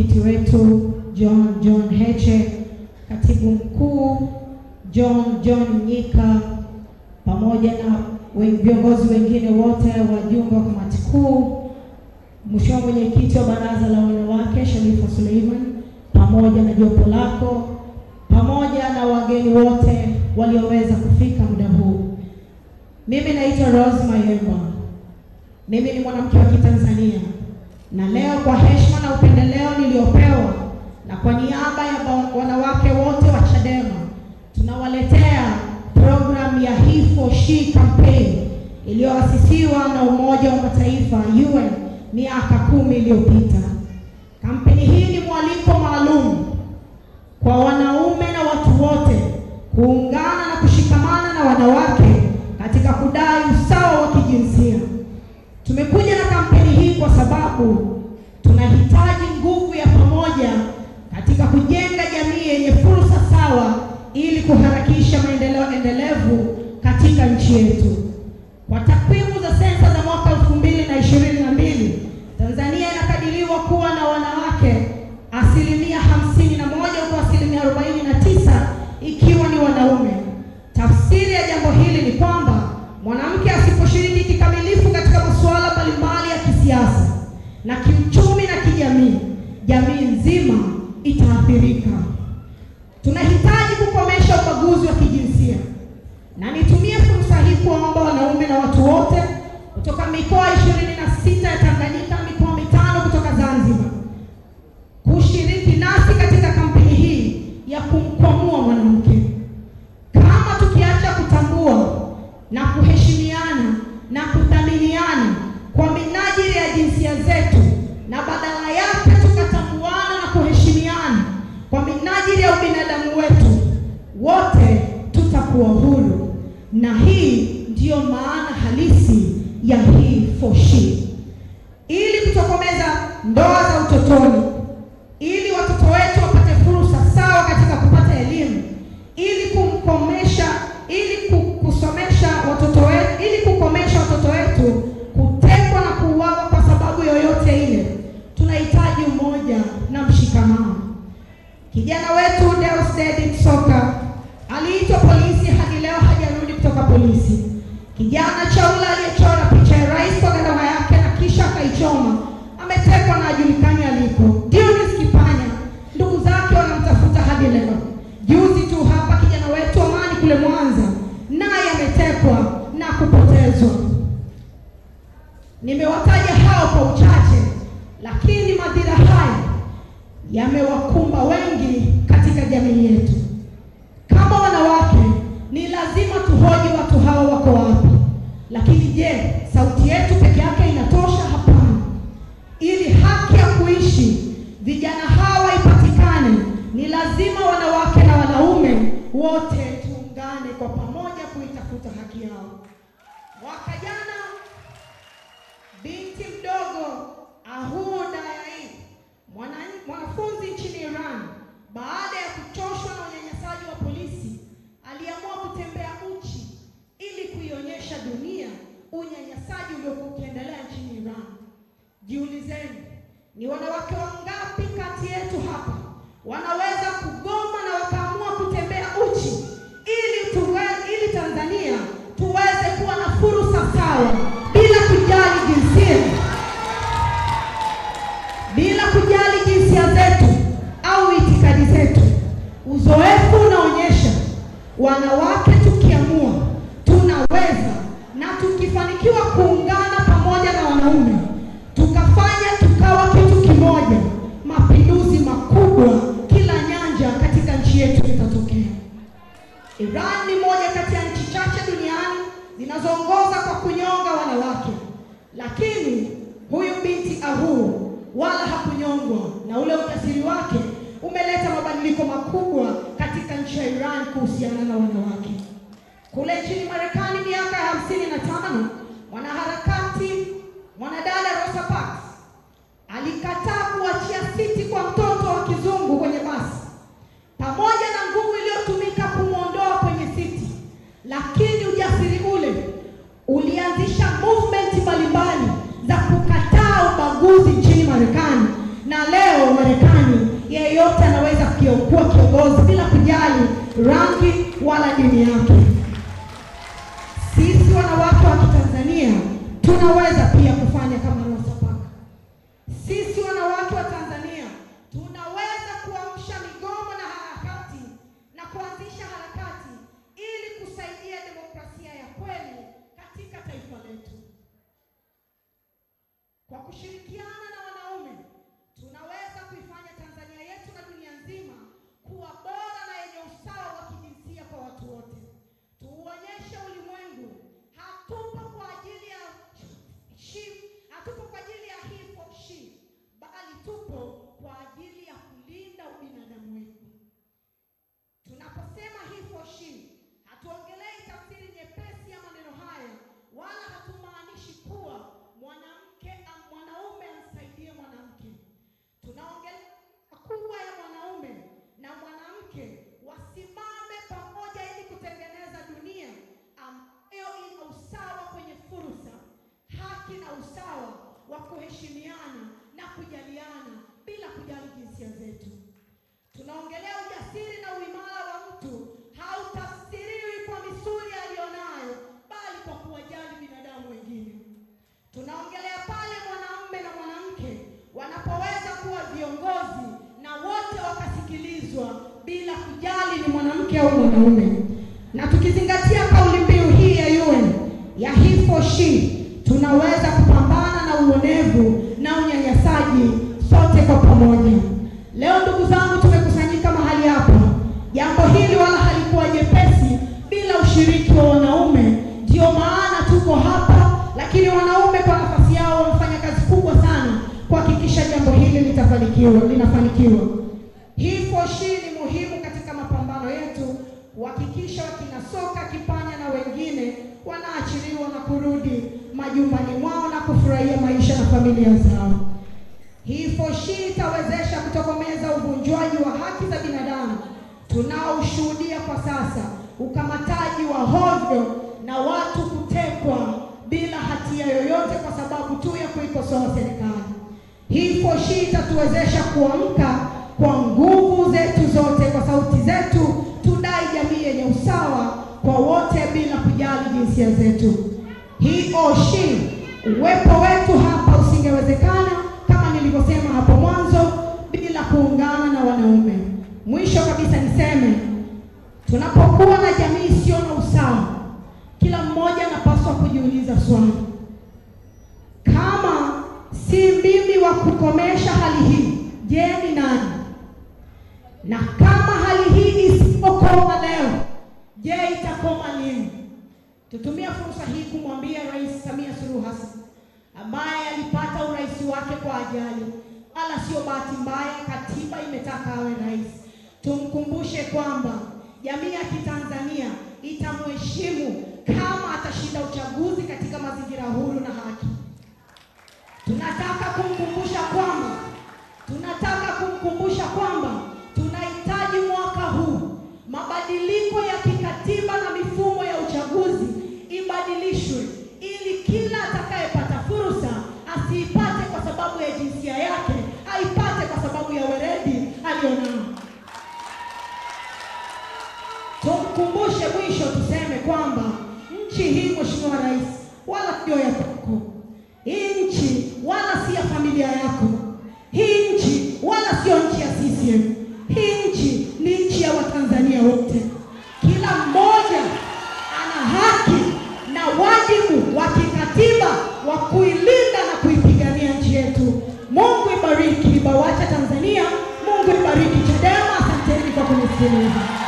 mwenyekiti wetu John John Heche, katibu mkuu John John Nyika, pamoja na viongozi wengine wote, wajumbe wa kamati kuu, mheshimiwa mwenyekiti wa baraza la wanawake Sharifa Suleiman, pamoja na jopo lako, pamoja na wageni wote walioweza kufika muda huu. Mimi naitwa Rose Mayemba, mimi ni mwanamke wa Kitanzania. Na leo kwa heshima na upendeleo niliopewa na kwa niaba ya wanawake wote wa Chadema tunawaletea programu ya He for She campaign iliyoasisiwa na Umoja wa Mataifa UN miaka kumi iliyopita. Kampeni hii ni mwaliko maalum kwa wanaume na watu wote kuungana na kushikamana na wanawake katika kudai usawa wa kijinsia. Tumeku sababu tunahitaji nguvu ya pamoja katika kujenga jamii yenye fursa sawa ili kuharakisha maendeleo endelevu katika nchi yetu. Kwa takwimu waathirika. Tunahitaji kukomesha ubaguzi wa kijinsia, na nitumie fursa hii kuomba wanaume na watu wote kutoka mikoa ishirini na sita ya Tanganyika ndiyo maana halisi ya hii for she, ili kutokomeza ndoa za utotoni, ili watoto wetu wapate fursa sawa katika kupata elimu, ili kumkomesha, ili kusomesha watoto wetu, ili kukomesha watoto wetu kutekwa na kuuawa kwa sababu yoyote ile, tunahitaji umoja na mshikamano. Kijana wetu Deusdedith Я начала Mwaka jana binti mdogo Ahu Dayai, mwanafunzi nchini Iran, baada ya kuchoshwa na unyanyasaji wa polisi, aliamua kutembea uchi ili kuionyesha dunia unyanyasaji uliokuwa ukiendelea nchini Iran. Jiulizeni, ni wanawake wangapi kati yetu hapa wanaweza kugoma wala hakunyongwa, na ule ujasiri wake umeleta mabadiliko makubwa katika nchi ya Iran kuhusiana na wanawake. Kule nchini Marekani miaka ya hamsini na tano mwanaharakati mwanadada Rosa Parks alikataa kuachia siti kwa mtoto wa kizungu kwenye basi pamoja na nguvu rangi wala dini yake. Sisi wanawake wa Kitanzania tunaweza pia kufanya kama Rosa Parks. Sisi wanawake wa Tanzania tunaweza kuamsha migomo na harakati na kuanzisha harakati ili kusaidia demokrasia ya kweli katika taifa letu kwa kushirikiana mwanamke au mwanaume. Na tukizingatia kauli mbiu hii ya UN ya he for she, tunaweza kupambana na uonevu na unyanyasaji sote kwa pamoja. Leo ndugu zangu, tumekusanyika mahali hapa. Jambo hili wala halikuwa jepesi bila ushiriki wa wanaume, ndio maana tuko hapa, lakini wanaume kwa nafasi yao wamefanya kazi kubwa sana kuhakikisha jambo hili litafanikiwa linafanikiwa. He for she wanatoka kipanya na wengine wanaachiliwa na kurudi majumbani mwao na kufurahia maisha na familia zao. Hii foshii itawezesha kutokomeza uvunjwaji wa haki za binadamu tunaoshuhudia kwa sasa, ukamataji wa hovyo na watu kutekwa bila hatia yoyote kwa sababu tu ya kuikosoa serikali. Hii foshii itatuwezesha kuamka kwa nguvu tunapokuwa na jamii isiyo na usawa, kila mmoja anapaswa kujiuliza swali, kama si mimi wa kukomesha hali hii, je, ni nani? Na kama hali hii isipokoma leo, je, itakoma lini? tutumia fursa hii kumwambia Rais Samia Suluhu Hassan ambaye alipata urais wake kwa ajali, wala sio bahati mbaya. Katiba imetaka awe rais. Tumkumbushe kwamba jamii ya Kitanzania itamheshimu kama atashinda uchaguzi katika mazingira huru na haki. mwisho tuseme kwamba nchi hii, Mheshimiwa Rais, wala sio ya kwako. Hii nchi wala si ya familia yako. Hii nchi wala sio nchi ya CCM. Hii nchi ni nchi ya Watanzania wote. Kila mmoja ana haki na wajibu wa kikatiba wa kuilinda na kuipigania nchi yetu. Mungu ibariki BAWACHA Tanzania. Mungu ibariki CHADEMA. Asanteni kwa kunisikiliza.